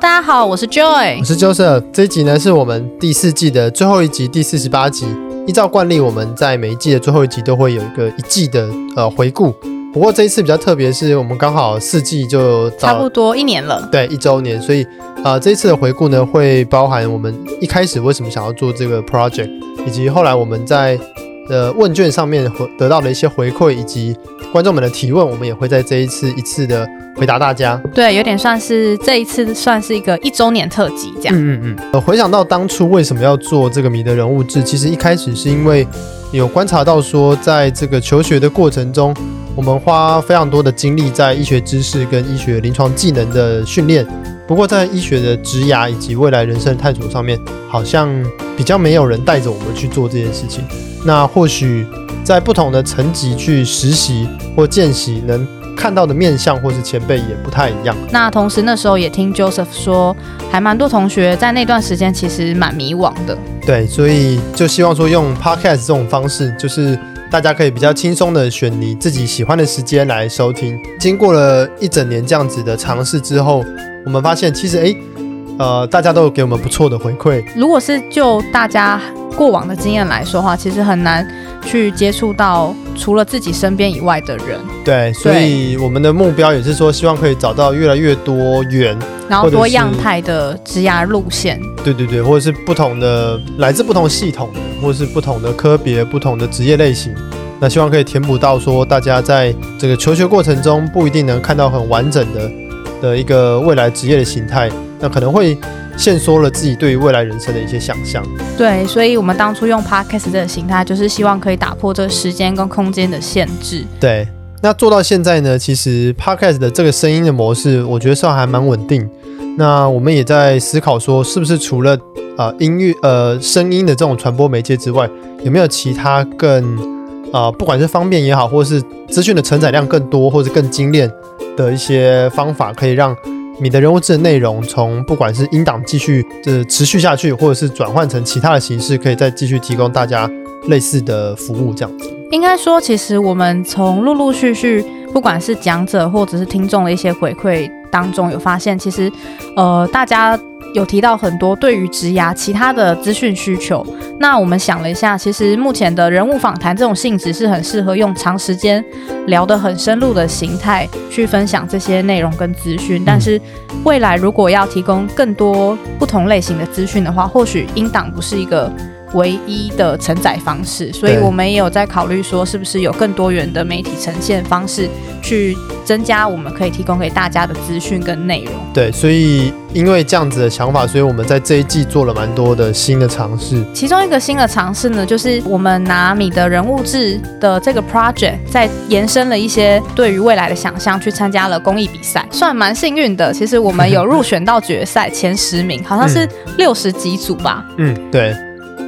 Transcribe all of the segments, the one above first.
大家好，我是 Joy，我是 Joseph。這一集呢，是我們第四季的最後一集，第四十八集。依照慣例，我們在每一季的最後一集都會有一個一季的呃回顧。不過這一次比較特別的是我們剛好四季就差不多一年了，對，一週年。所以啊、呃，這一次的回顧呢，會包含我們一開始為什麼想要做這個 project，以及後來我們在的問卷上面得到的一些回饋，以及觀眾們的提問，我們也會在這一次一次的回答大家。對，有點算是這一次算是一個一周年特輯這樣。嗯嗯呃、嗯，回想到當初為什麼要做這個米德人物誌，其實一開始是因為有觀察到說，在這個求學的過程中。我們花非常多的精力在醫學知識跟醫學臨床技能的訓練，不過在醫學的職涯以及未來人生探索上面，好像比較沒有人帶着我們去做這件事情。那或許在不同的層級去實習或見習，能看到的面向或是前輩也不太一樣。那同時那時候也聽 Joseph 說，還蠻多同學在那段時間其實蠻迷惘的。對，所以就希望說用 Podcast 這種方式，就是。大家可以比較輕鬆的選你自己喜歡的時間來收聽。經過了一整年這樣子的嘗試之後，我們發現其實誒、欸。呃，大家都有給我們不錯的回饋。如果是就大家過往的經驗來說的話，其實很難去接觸到除了自己身邊以外的人。對，所以我們的目標也是說，希望可以找到越來越多元，然後多樣態的職涯路線。對對對，或者是不同的來自不同系統，或者是不同的科別、不同的職業類型，那希望可以填補到說大家在這個求學過程中不一定能看到很完整的的一個未來職業的形態。那可能會限縮了自己對於未來人生的一些想象。對，所以我們當初用 Podcast 的形態，就是希望可以打破這個時間跟空間的限制。對，那做到現在呢，其實 Podcast 的這個聲音的模式，我覺得算還蠻穩定。那我們也在思考說，是不是除了啊、呃、音樂呃聲音的這種傳播媒介之外，有沒有其他更啊、呃、不管是方便也好，或是資訊的承載量更多或是更精煉的一些方法，可以讓。你的人物誌的內容，從不管是音檔繼續、呃、持續下去，或者是轉換成其他的形式，可以再繼續提供大家類似的服務，這樣子。應該說，其實我們從陸陸續續，不管是講者或者是聽眾的一些回饋當中，有發現，其實呃大家。有提到很多對於職涯其他的資訊需求，那我們想了一下，其實目前的人物訪談這種性質是很適合用長時間聊得很深入的形態去分享這些內容跟資訊，但是未來如果要提供更多不同類型的資訊的話，或許音檔不是一個。唯一的承載方式，所以我們也有在考慮說，是不是有更多元的媒體呈現方式，去增加我們可以提供給大家的資訊跟內容。對，所以因為這樣子的想法，所以我們在這一季做了蠻多的新的嘗試。其中一個新的嘗試呢，就是我們拿米德人物誌的這個 project，再延伸了一些對於未來的想象，去參加了公益比賽，算蠻幸運的。其實我們有入選到決賽前十名， 好像是六十幾組吧。嗯，對。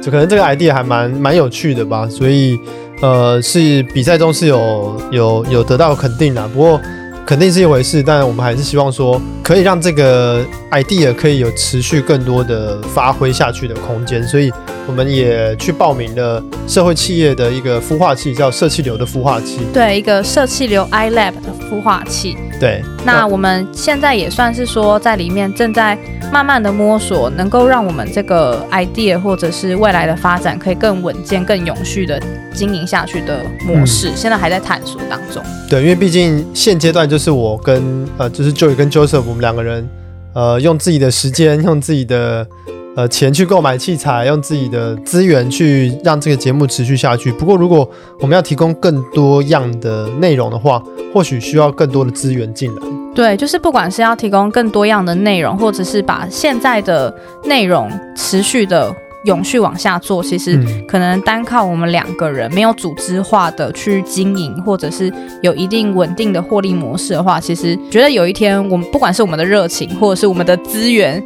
就可能這個 idea 還蠻蠻有趣的吧，所以，呃，是比賽中是有有有得到肯定的。不過，肯定是一回事，但我們還是希望說可以讓這個。idea 可以有持續更多的發揮下去的空間，所以我們也去報名了社會企業的一個孵化器，叫社企流的孵化器。對，一個社企流 iLab 的孵化器。對，那我們現在也算是說在裡面正在慢慢的摸索，能夠讓我們這個 idea 或者是未來的發展可以更穩健、更永續的經營下去的模式，嗯、現在還在探索當中。對，因為畢竟現階段就是我跟呃，就是 Joy 跟 Joseph 我們兩個人。呃，用自己的時間，用自己的呃錢去購買器材，用自己的資源去讓這個節目持續下去。不過，如果我們要提供更多樣的內容的話，或許需要更多的資源進來。對，就是不管是要提供更多樣的內容，或者是把現在的內容持續的。永續往下做，其實可能單靠我們兩個人沒有組織化的去經營，或者是有一定穩定的獲利模式的話，其實覺得有一天我們不管是我們的熱情，或者是我們的資源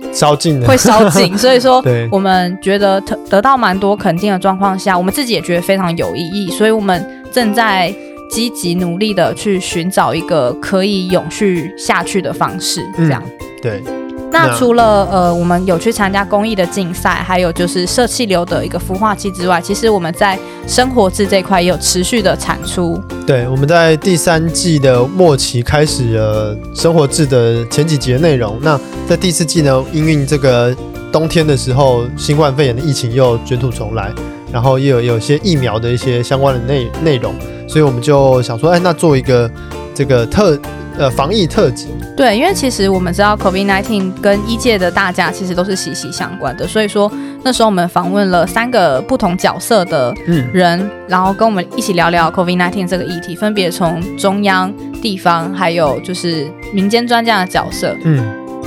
會燒盡。所以說，我們覺得得得到蠻多肯定的狀況下，我們自己也覺得非常有意義，所以我們正在積極努力的去尋找一個可以永續下去的方式，這樣、嗯、對。那除了那呃、我們有去參加公益的競賽，還有就是社企流的一個孵化器之外，其實我們在生活誌這塊也有持續的產出。對，我們在第三季的末期開始了、呃、生活誌的前幾集的內容。那在第四季呢，因為這個冬天的時候，新冠肺炎的疫情又捲土重來，然後又有有些疫苗的一些相關的內內容，所以我們就想說，哎、欸，那做一個這個特。呃，防疫特輯。對，因為其實我們知道 COVID-19 跟一屆的大家其實都是息息相關的，所以說那時候我們訪問了三個不同角色的人，嗯、然後跟我們一起聊聊 COVID-19 這個議題，分別從中央、地方，還有就是民間專家的角色。嗯，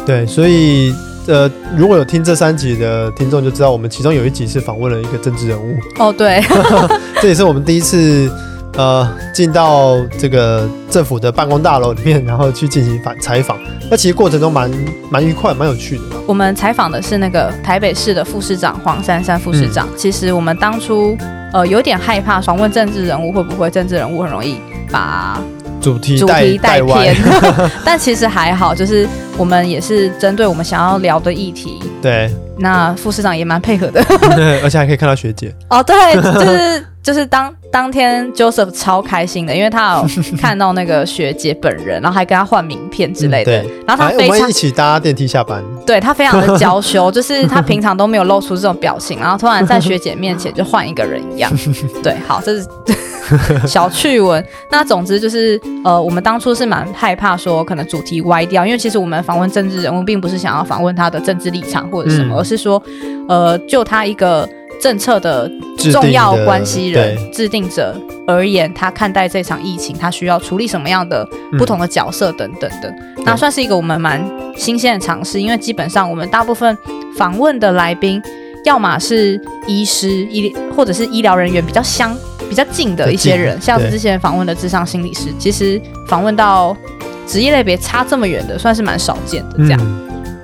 對，所以呃，如果有聽這三集的聽眾就知道，我們其中有一集是訪問了一個政治人物。哦，對， 這也是我們第一次。呃，進到這個政府的辦公大樓裡面，然後去進行訪採訪。那其實過程中蠻蠻愉快、蠻有趣的。我們採訪的是那個台北市的副市長黃珊珊副市長。嗯、其實我們當初呃有點害怕訪問政治人物會不會政治人物很容易把主題帶主題帶偏，帶偏 但其實還好，就是我們也是針對我們想要聊的議題。對，那副市長也蠻配合的， 而且還可以看到學姐。哦，對，就是。 就是當當天 Joseph 超開心的，因為他有看到那個學姐本人， 然後還跟他換名片之類的。嗯、對，然後他非常、啊、我們一起搭電梯下班。對他非常的嬌羞， 就是他平常都沒有露出這種表情，然後突然在學姐面前就換一個人一樣。 對，好，這是小趣聞。那總之就是呃，我們當初是蠻害怕說可能主題歪掉，因為其實我們訪問政治人物，並不是想要訪問他的政治立場或者什麼，嗯、而是說呃，就他一個。政策的重要關係人、制定、制定者而言，他看待這場疫情，他需要處理什麼樣的不同的角色等等的，嗯、那算是一個我們蠻新鮮的嘗試。因為基本上我們大部分訪問的來賓，要麼是醫師、醫或者是醫療人員比較相比較近的一些人，像之前訪問的諮商心理師，其實訪問到職業類別差這麼遠的，算是蠻少見的。這樣、嗯。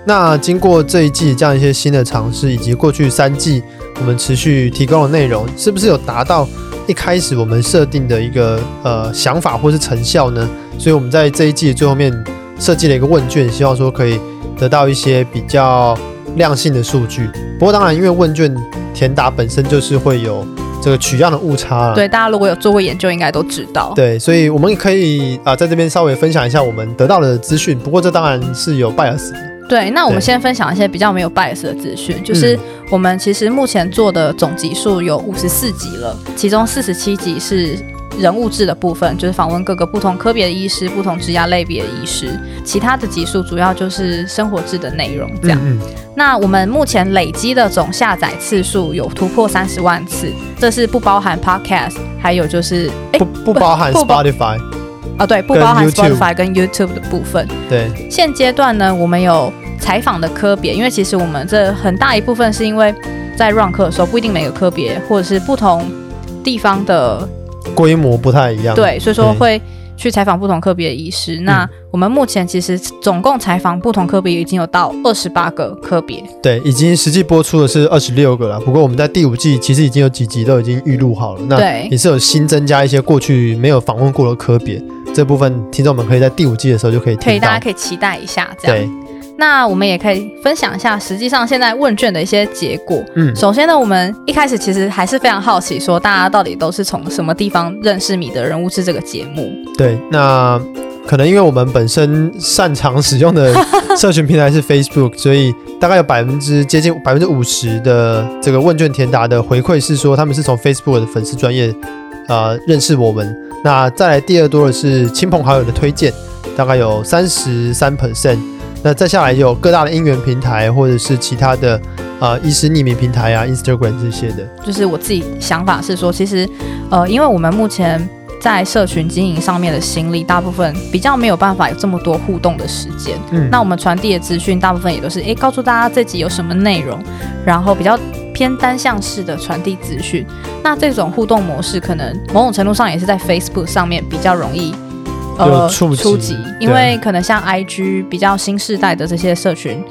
那經過這一季這樣一些新的嘗試，以及過去三季，我們持續提供的內容是不是有達到一開始我們設定的一個呃想法，或是成效呢？所以我們在這一季的最後面設計了一個問卷，希望說可以得到一些比較量性的數據。不過當然，因為問卷填答本身就是會有這個取樣的誤差、啊、對，大家如果有做過研究，應該都知道。對，所以我們可以啊、呃、在這邊稍微分享一下我們得到的資訊。不過這當然是有 bias。對，那我們先分享一些比較沒有 bias 的資訊，對就是我們其實目前做的總集數有五十四集了，其中四十七集是人物志的部分，就是訪問各個不同科別的醫師、不同職涯類別的醫師，其他的集數主要就是生活志的內容。這樣，嗯嗯，那我們目前累積的總下載次數有突破三十萬次，這是不包含 podcast，還有就是不不包含 Spotify。 啊，對，不包含跟 YouTube，Spotify 跟 YouTube 的部分。對，現階段呢，我們有採訪的科別，因為其實我們這很大一部分是因為在 run 科的時候，不一定每個科別或者是不同地方的規模不太一樣。對，所以說會去採訪不同科別的醫師。對那我們目前其實總共採訪不同科別已經有到二十八個科別。對，已經實際播出的是二十六個了。不過我們在第五季其實已經有幾集都已經預錄好了。對那也是有新增加一些過去沒有訪問過的科別。這部分聽眾們可以在第五季的時候就可以聽到可以，大家可以期待一下。這樣，對那我們也可以分享一下，實際上現在問卷的一些結果。嗯，首先呢，我們一開始其實還是非常好奇，說大家到底都是從什麼地方認識《米德人物誌》這個節目？對，那可能因為我們本身擅長使用的社群平台是 Facebook， 所以大概有百分之接近百分之五十的這個問卷填答的回饋是說，他們是從 Facebook 的粉絲專業啊、呃、認識我們。那再來第二多的是親朋好友的推薦，大概有三十三%。那再下來就有各大的音源平台或者是其他的啊，呃，一些匿名平台啊，Instagram 這些的。就是我自己想法是說，其實呃，因為我們目前在社群經營上面的心力，大部分比較沒有辦法有這麼多互動的時間。嗯。那我們傳遞的資訊，大部分也都是哎、欸，告訴大家這集有什麼內容，然後比較。偏單向式的傳遞資訊，那這種互動模式可能某種程度上也是在 Facebook 上面比較容易，呃，觸觸及，因為可能像 IG 比較新世代的這些社群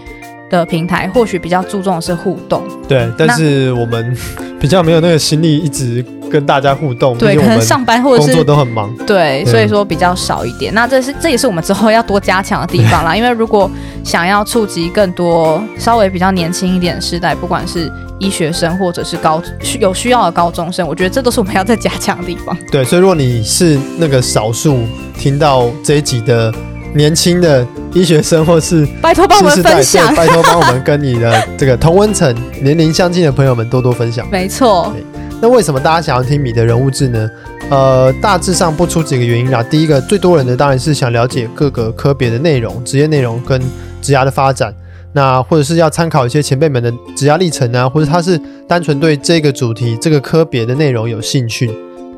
的平台，或許比較注重的是互動。對，那但是我們比較沒有那個心力一直跟大家互動，對，可能上班或者是工作都很忙，對，嗯、所以說比較少一點。那這是這也是我們之後要多加強的地方啦，對 因為如果想要觸及更多稍微比較年輕一點的時代，不管是醫學生或者是高有需要的高中生，我覺得這都是我們要再加強的地方。對，所以如果你是那個少數聽到這一集的年輕的醫學生或是新世代，對，拜託幫我們分享。拜託幫我們跟你的這個同溫層、年齡相近的朋友們多多分享。沒錯 。那為什麼大家想要聽米德人物誌呢？呃，大致上不出幾個原因啦。第一個最多人的當然是想了解各個科別的內容、職業內容跟職涯的發展。那或者是要參考一些前輩們的職涯歷程啊，或者他是單純對這個主題、這個科別的內容有興趣，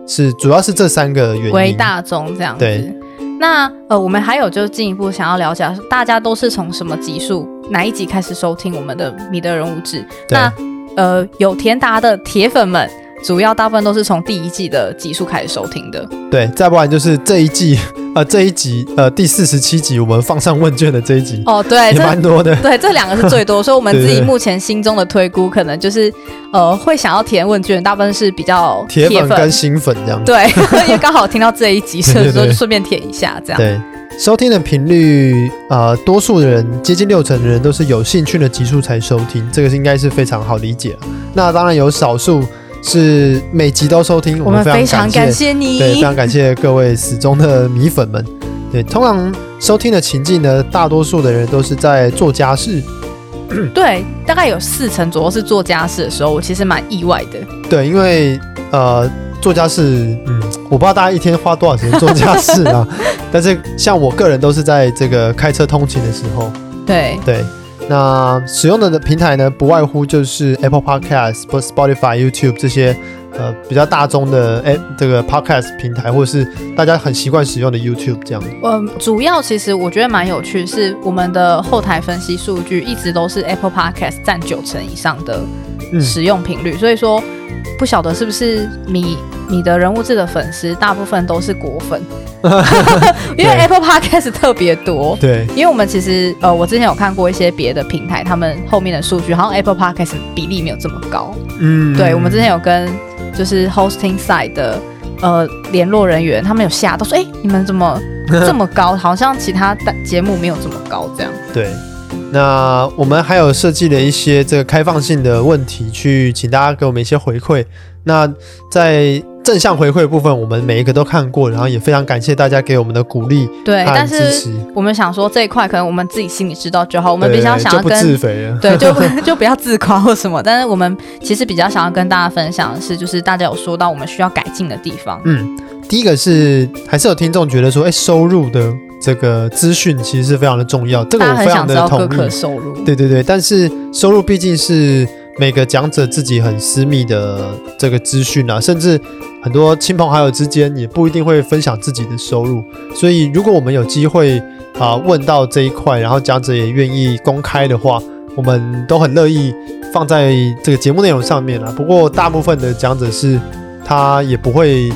是主要是這三個原因。為大眾這樣子。對。那呃，我們還有就是進一步想要了解，大家都是從什麼集數、哪一集開始收聽我們的《米德人物誌》？那對呃，有田達的鐵粉們。主要大部分都是從第一季的集數開始收聽的，對，再不然就是這一季，呃，這一集，呃，第四十七集我們放上問卷的這一集，哦，對，蠻多的，對，這兩個是最多， 所以我們自己目前心中的推估，對對對對可能就是，呃，會想要填問卷，大部分是比較粉鐵粉跟新粉這樣子，對，也剛好聽到這一集， 所以說順便填一下，這樣，對，收聽的頻率，呃，多數的人接近六成的人都是有興趣的集數才收聽，這個應該是非常好理解，那當然有少數。.是每集都收聽，我們非常感謝，常感謝你，對，非常感謝各位死忠的米粉們。對，通常收聽的情境呢，大多數的人都是在做家事。對，大概有四成左右是做家事的時候，我其實蠻意外的。對，因為呃，做家事，嗯，我不知道大家一天花多少時間做家事啊。 但是像我個人都是在這個開車通勤的時候。對對。對那使用的平台呢，不外乎就是 Apple Podcast、Spotify、YouTube 這些呃比較大眾的哎、欸、這個 Podcast 平台，或是大家很習慣使用的 YouTube 這樣子。嗯，主要其實我覺得蠻有趣是，我們的後台分析數據一直都是 Apple Podcast 佔九成以上的使用頻率，嗯、所以說。不曉得是不是你你的人物誌的粉絲大部分都是果粉， 因為 Apple Podcast 特別多。對，因為我們其實呃，我之前有看過一些別的平台，他們後面的數據好像 Apple Podcast 比例沒有這麼高。嗯，對，我們之前有跟就是 Hosting Side 的呃聯絡人員，他們有嚇到說，哎、欸，你們怎麼這麼高？好像其他節目沒有這麼高這樣。對。那我們還有設計的一些這個開放性的問題，去請大家給我們一些回饋。那在正向回饋的部分，我們每一個都看過，然後也非常感謝大家給我們的鼓勵，對，但是我們想說這一塊，可能我們自己心裡知道就好。我們比較想要自肥對，就不，對，就不，就不要自誇或什麼。 但是我們其實比較想要跟大家分享的是，就是大家有說到我們需要改進的地方。嗯，第一個是還是有聽眾覺得說，哎，收入的。這個資訊其實是非常的重要，嗯、這個我非常的同意。對對對，但是收入畢竟是每個講者自己很私密的這個資訊啊，甚至很多親朋好友之間也不一定會分享自己的收入。所以，如果我們有機會啊、呃、問到這一塊，然後講者也願意公開的話，我們都很樂意放在這個節目內容上面啊。不過，大部分的講者是他也不會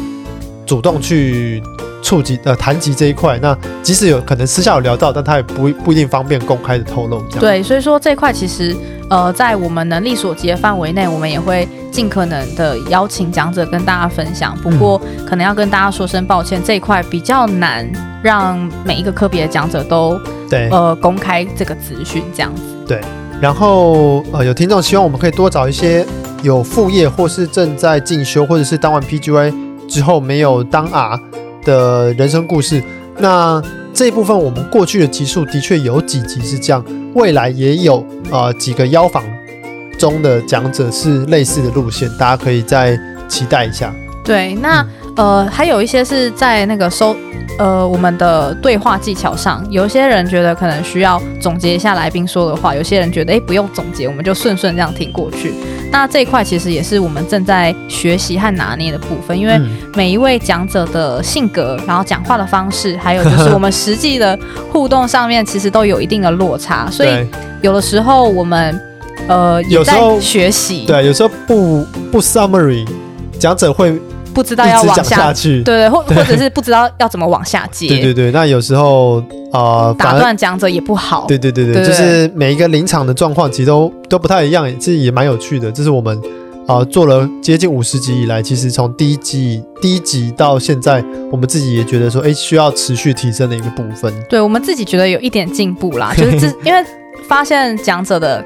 主動去。觸及呃談及這一塊，那即使有可能私下有聊到，但他也不不一定方便公開的透露這樣。對，所以說這塊其實呃在我們能力所及的範圍內，我們也會盡可能的邀請講者跟大家分享。不過、嗯、可能要跟大家說聲抱歉，這一塊比較難讓每一個科別的講者都對呃公開這個資訊這樣子。對，然後呃有聽眾希望我們可以多找一些有副業或是正在進修，或者是當完 PGY 之後沒有當 R、嗯。的人生故事，那這一部分我們過去的集數的確有幾集是這樣，未來也有啊、呃、幾個邀訪中的講者是類似的路線，大家可以再期待一下。對，那，嗯呃，還有一些是在那個收，呃，我們的對話技巧上，有些人覺得可能需要總結一下來賓說的話，有些人覺得哎、欸、不用總結，我們就順順這樣聽過去。那這一塊其實也是我們正在學習和拿捏的部分，因為每一位講者的性格，嗯、然後講話的方式，還有就是我們實際的互動上面，其實都有一定的落差， 所以有的時候我們呃也在學習，對、啊，有時候不不 summary，講者會。不知道要往下，下去，對，或或者是不知道要怎麼往下接，對對對。那有時候啊，呃、打斷講者也不好，對對對對，就是每一個臨場的狀況其實都都不太一樣，其實也蠻有趣的。這是我們啊、呃、做了接近五十集以來，其實從第一季第一集到現在，我們自己也覺得說，哎、欸，需要持續提升的一個部分。對，我們自己覺得有一點進步啦，就是這 因為發現講者的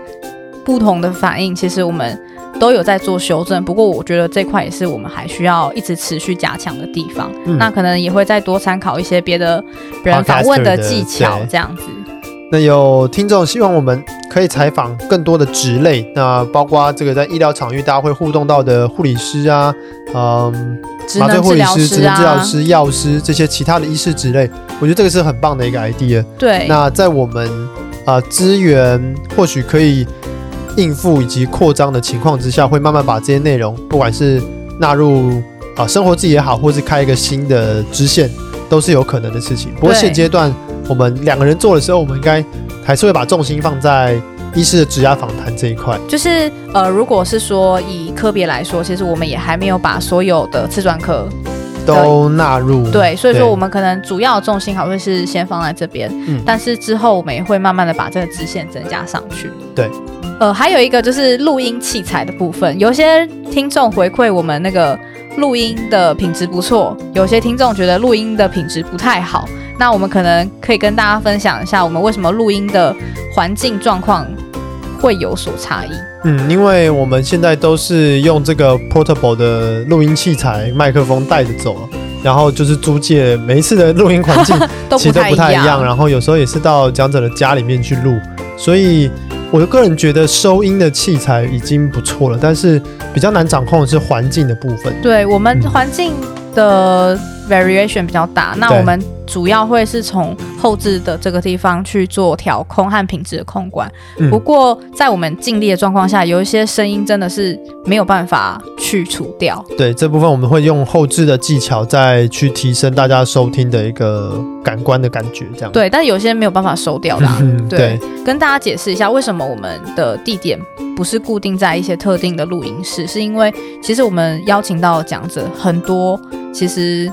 不同的反應，其實我們。都有在做修正，不過我覺得這塊也是我們還需要一直持續加強的地方。嗯、那可能也會再多參考一些別的別人訪問的技巧，好這樣子。那有聽眾希望我們可以採訪更多的職類，那包括這個在醫療場域大家會互動到的護理師啊，嗯、呃，麻醉護理師、職能治療師、藥師、啊、這些其他的醫師職類，我覺得這個是很棒的一個 idea。對，那在我們啊、呃、資源或許可以。應付以及擴張的情況之下，會慢慢把這些內容，不管是納入啊生活誌也好，或是開一個新的支線，都是有可能的事情。不過現階段，對我們兩個人做的時候，我們應該還是會把重心放在醫師的職涯訪談這一塊。就是呃，如果是說以科別來說，其實我們也還沒有把所有的次專科都納入。對，所以說我們可能主要重心還會是先放在這邊，嗯對，但是之後我們也會慢慢的把這個支線增加上去。對。呃，還有一個就是錄音器材的部分，有些聽眾回饋我們那個錄音的品質不錯，有些聽眾覺得錄音的品質不太好，那我們可能可以跟大家分享一下我們為什麼錄音的環境狀況會有所差異。嗯，因為我們現在都是用這個 portable 的錄音器材麥克風帶着走，然後就是租借，每一次的錄音環境其實都不太一樣， 都不太一樣，然後有時候也是到講者的家裡面去錄，所以。我的個人覺得收音的器材已經不錯了，但是比較難掌控的是環境的部分。對，我們環境的 variation 比較大。嗯，那我們。主要會是從後製的這個地方去做調控和品質的控管，嗯、不過在我們盡力的狀況下，有一些聲音真的是沒有辦法去除掉。對這部分，我們會用後製的技巧再去提升大家收聽的一個感官的感覺，這樣。對，但有些沒有辦法收掉啦。嗯、對，對跟大家解釋一下，為什麼我們的地點不是固定在一些特定的錄音室，是因為其實我們邀請到的講者很多，其實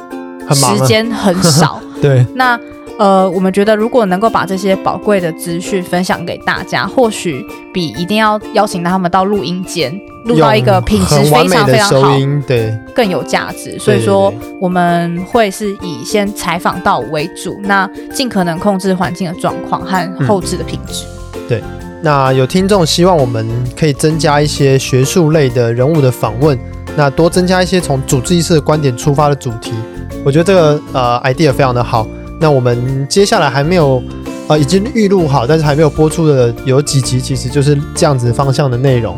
時間很少。很忙啊 對，那呃，我們覺得如果能夠把這些寶貴的資訊分享給大家，或許比一定要邀請到他們到錄音間錄到一個品質非常非常好的收音，對，更有價值。所以說，我們會是以先採訪到為主，對對對，那盡可能控制環境的狀況和後置的品質。嗯，對，那有聽眾希望我們可以增加一些學術類的人物的訪問，那多增加一些從主治醫師的觀點出發的主題。我覺得這個呃 idea 非常的好。那我們接下來還沒有呃已經預錄好，但是還沒有播出的有幾集，其實就是這樣子方向的內容，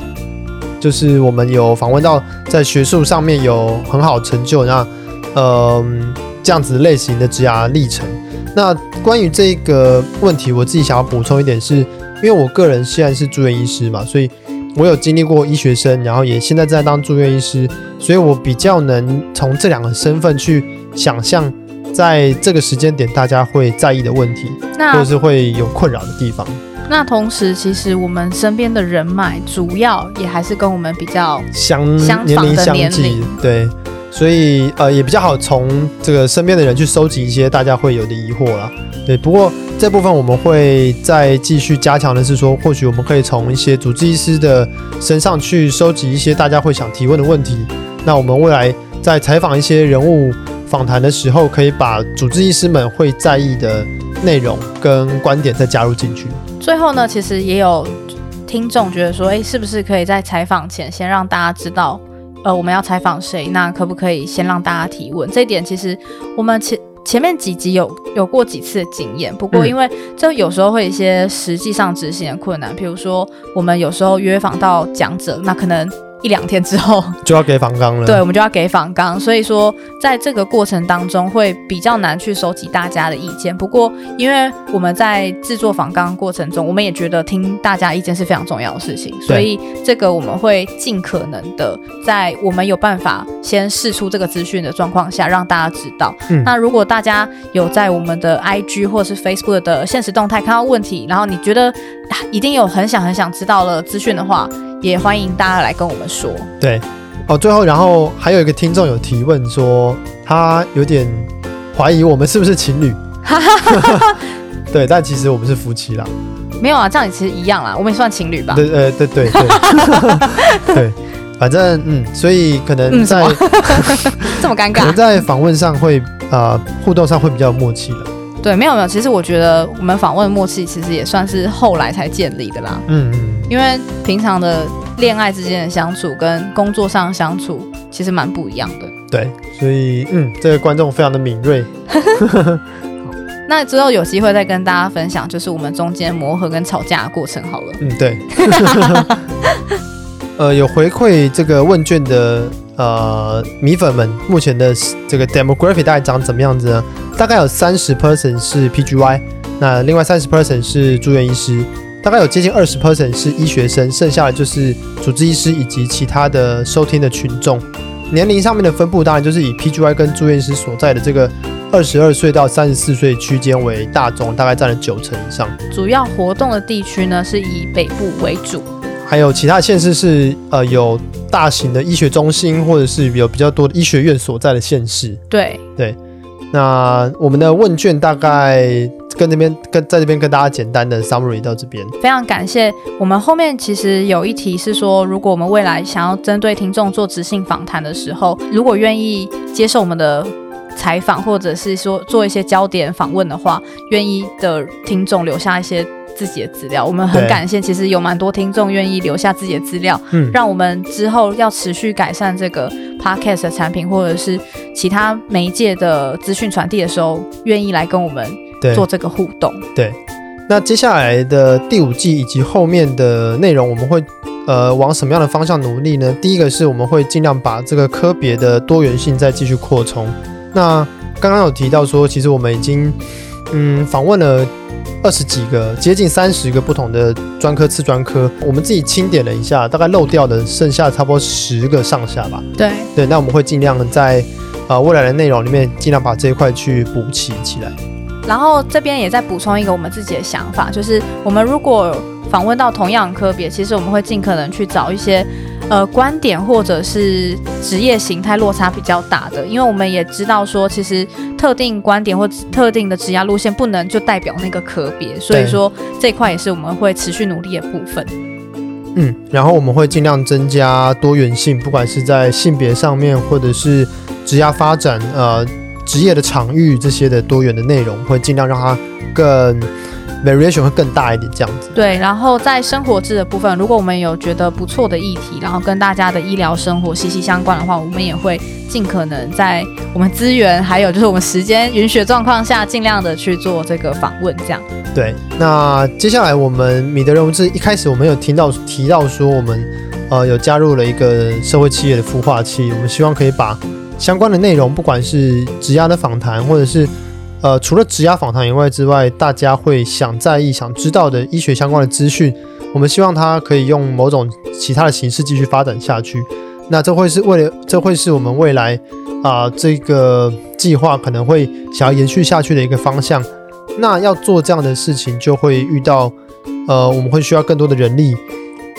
就是我們有訪問到在學術上面有很好成就，那嗯，呃，這樣子類型的職涯歷程。那關於這個問題，我自己想要補充一點是，因為我個人雖然是住院醫師嘛，所以。我有經歷過醫學生，然後也現在在當住院醫師，所以我比較能從這兩個身份去想象，在這個時間點大家會在意的問題，那或者是會有困擾的地方。那同時，其實我們身邊的人脈主要也還是跟我們比較相年齡相，年齡相近，對，所以呃也比較好從這個身邊的人去收集一些大家會有的疑惑啦。對，不過這部分我們會再繼續加強的是說，或許我們可以從一些主治醫師的身上去收集一些大家會想提問的問題。那我們未來在採訪一些人物訪談的時候，可以把主治醫師們會在意的內容跟觀點再加入進去。最後呢，其實也有聽眾覺得說，誒，是不是可以在採訪前先讓大家知道，呃，我們要採訪誰？那可不可以先讓大家提問？這一點其實我們前前面幾集有有過幾次經驗，不過因為這有時候會有一些實際上執行的困難，比如說我們有時候約訪到講者，那可能。一兩天之後就要給訪綱了， 對，我們就要給訪綱，所以說在這個過程當中會比較難去收集大家的意見。不過，因為我們在制作訪綱過程中，我們也覺得聽大家意見是非常重要的事情，所以這個我們會盡可能的在我們有辦法先釋出這個資訊的狀況下，讓大家知道。嗯、那如果大家有在我們的 IG 或是 Facebook 的限時動態看到問題，然後你覺得。啊、一定有很想很想知道的資訊的話，也歡迎大家來跟我們說。對哦，最後然後還有一個聽眾有提問說，他有點懷疑我們是不是情侶。哈哈哈哈對，但其實我們是夫妻啦。沒有啊，這樣也其實一樣啦，我們也算情侶吧。對、呃、對對對。 對，反正嗯，所以可能在、嗯、什麼 這麼尷尬， 可能在訪問上會啊、呃，互動上會比較默契了。對，沒有沒有，其實我覺得我們訪問默契其實也算是後來才建立的啦。嗯嗯，因為平常的戀愛之間的相處跟工作上的相處其實蠻不一樣的。對，所以嗯，這個觀眾非常的敏銳。 那之後有機會再跟大家分享，就是我們中間磨合跟吵架的過程好了。嗯，對。 呃，有回饋這個問卷的呃米粉們，目前的這個 demographic 大概長怎麼樣子呢？大概有三十 percent 是 P G Y，那另外三十 percent 是住院醫師，大概有接近二十 percent 是醫學生，剩下的就是主治醫師以及其他的收聽的群眾。年齡上面的分布當然就是以 P G Y 跟住院師所在的這個二十二歲到三十四歲區間為大眾，大概占了九成以上。主要活動的地區呢是以北部為主，還有其他縣市是呃有大型的醫學中心或者是有比較多的醫學院所在的縣市。對對。對那我們的問卷大概跟那邊跟在這邊跟大家簡單的 summary 到這邊，非常感謝。我們後面其實有一題是說，如果我們未來想要針對聽眾做直信訪談的時候，如果願意接受我們的採訪，或者是說做一些焦點訪問的話，願意的聽眾留下一些自己的資料，我們很感謝。其實有蠻多聽眾願意留下自己的資料，嗯對，讓我們之後要持續改善這個。Podcast 的產品或者是其他媒介的資訊傳遞的時候，願意來跟我們做這個互動。對。對，那接下來的第五季以及後面的內容，我們會呃往什麼樣的方向努力呢？第一個是我們會盡量把這個科別的多元性再繼續擴充。那剛剛有提到說，其實我們已經嗯訪問了。二十幾個，接近三十個不同的專科次專科，我們自己清點了一下，大概漏掉的剩下差不多十個上下吧。對對，那我們會盡量在呃未來的內容裡面盡量把這一塊去補齊起來。然後這邊也再補充一個我們自己的想法，就是我們如果訪問到同樣科別，其實我們會盡可能去找一些。呃，觀點或者是職業形態落差比較大的，因為我們也知道說，其實特定觀點或特定的職業路線不能就代表那個科別。對所以說這塊也是我們會持續努力的部分。嗯，然後我們會盡量增加多元性，不管是在性別上面，或者是職業發展、呃職業的場域這些的多元的內容，會盡量讓它更。Variation 會更大一點，這樣子。對，然後在生活誌的部分，如果我們有覺得不錯的議題，然後跟大家的醫療生活息息相關的話，我們也會盡可能在我們資源還有就是我們時間允許的狀況下，盡量的去做這個訪問，這樣。對，那接下來我們米德人物誌一開始我們有聽到提到說，我們呃有加入了一個社會企業的孵化器，我們希望可以把相關的內容，不管是質壓的訪談或者是。呃，除了職業訪談以外之外，大家會想在意、想知道的醫學相關的資訊，我們希望它可以用某種其他的形式繼續發展下去。那這會是為了，這會是我們未來啊、呃、這個計劃可能會想要延續下去的一個方向。那要做這樣的事情，就會遇到呃，我們會需要更多的人力，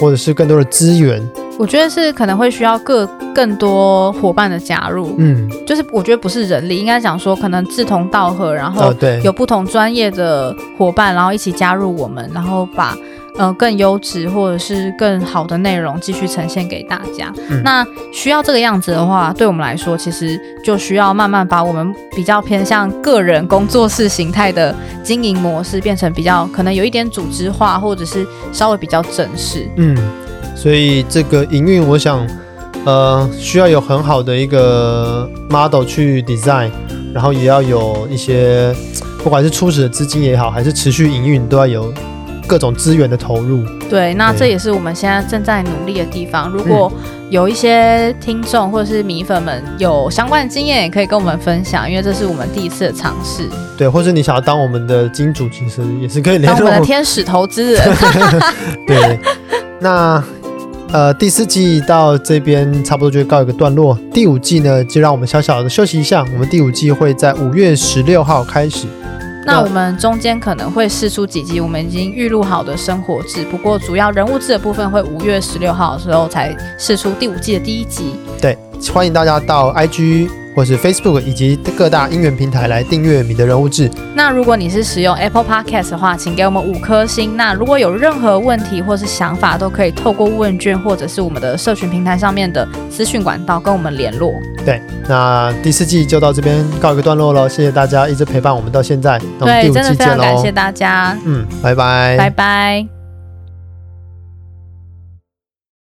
或者是更多的資源。我覺得是可能會需要各更多夥伴的加入，嗯，就是我覺得不是人力，應該講說可能志同道合，然後對，有不同專業的夥伴，然後一起加入我們，然後把呃更優質或者是更好的內容繼續呈現給大家。嗯、那需要這個樣子的話，嗯、對我們來說，其實就需要慢慢把我們比較偏向個人工作室形態的經營模式，變成比較可能有一點組織化，或者是稍微比較正式，嗯。所以這個營運，我想，呃，需要有很好的一個 model 去 design，然後也要有一些，不管是初始的資金也好，還是持續營運，都要有各種資源的投入。對，那這也是我們現在正在努力的地方。如果有一些聽眾或者是米粉們有相關的經驗，也可以跟我們分享，因為這是我們第一次的嘗試。對，或者你想要當我們的金主，其實也是可以聯合我們的天使投資人。 對，那。呃，第四季到這邊差不多就會告一個段落。第五季呢，就讓我們小小的休息一下。我們第五季會在五月十六號開始。那我們中間可能會釋出幾集，我們已經預錄好的生活誌，不過主要人物誌的部分會五月十六號的時候才釋出第五季的第一集。對，歡迎大家到 IG。或是 Facebook 以及各大音源平台來訂閱米德人物誌。那如果你是使用 Apple Podcast 的話，請給我們五顆星。那如果有任何問題或是想法，都可以透過問卷或者是我們的社群平台上面的資訊管道跟我們聯絡。對，那第四季就到這邊告一個段落了，謝謝大家一直陪伴我們到現在。我們對，第五季非常感謝大家。嗯，拜拜，拜拜。